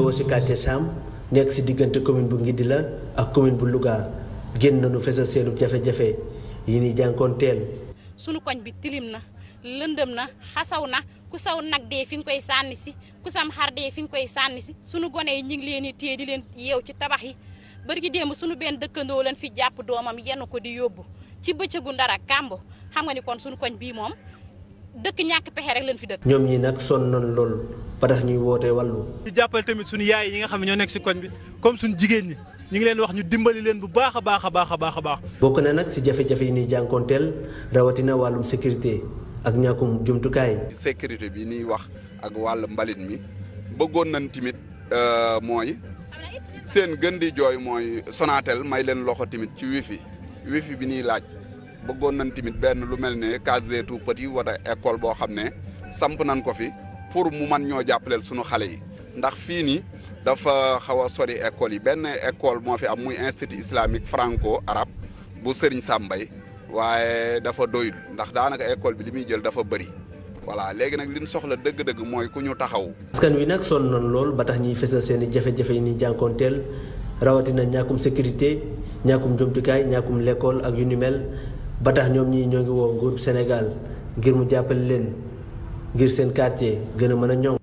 woo si quartier Cham nekk si diggante commune bu la ak commune bu Louga génn nañu fesal seenu jafe-jafe yi ni ñuy jànkoonteel. sunu koñ bi tilim na lëndëm na xasaw na ku saw nag dee fi nga koy sànni si ku sam xar dee fi nga koy sànni si sunu gone yi ñu ngi leen di téye di leen yeew ci tabax yi bari gi démb sunu benn dëkkandoo leen fi jàpp doomam yenn ko di yóbbu ci bëccëgu ndara kàmb xam nga ni kon sunu koñ bii moom. dëkk ñàkk pexe rek leen fi dëkk. ñoom ñi nag son noon lool ba ñuy wootee wàllu. ñu jàppale tamit suñu yaay yi nga xam ne ñoo nekk si koñ bi comme suñu jigéen ñi ñu ngi leen wax ñu dimbali leen bu baax a baax a baax a baax a baax. bokk na nag si jafe-jafe yi ñuy jànkoonteel rawatina wàllum sécurité ak ñàkkum jumtukaay. sécurité bi nuy wax ak wàll mbalit mi bëggoon nañ tamit euh, mooy seen gën di jooy mooy Sonatel may leen loxo tamit ci wifi wifi bi ñuy laaj. bëggoon nañ tamit benn lu mel ne case des tout petits wala école boo xam ne samp nañ ko fi pour mu man ñoo jàppaleel suñu xale yi ndax fii nii dafa xaw a sori école yi benn école moo fi am muy institut islamique franco arab bu Serigne Sambay waaye dafa doyul ndax daanaka école bi li muy jël dafa bëri voilà léegi nag li ñu soxla dëgg-dëgg mooy ku ñu taxaw. askan wi nag sonn nañ lool ba tax ñuy fësal seen i jafe-jafe yi ñuy jànkoonteel rawatina ñàkkum sécurité ñàkkum jumtukaay ñàkkum lekkool ak yu ba tax ñoom ñii ñoo ngi woo nguur Sénégal ngir mu jàppale leen ngir seen quartier gën a mën a ñoŋ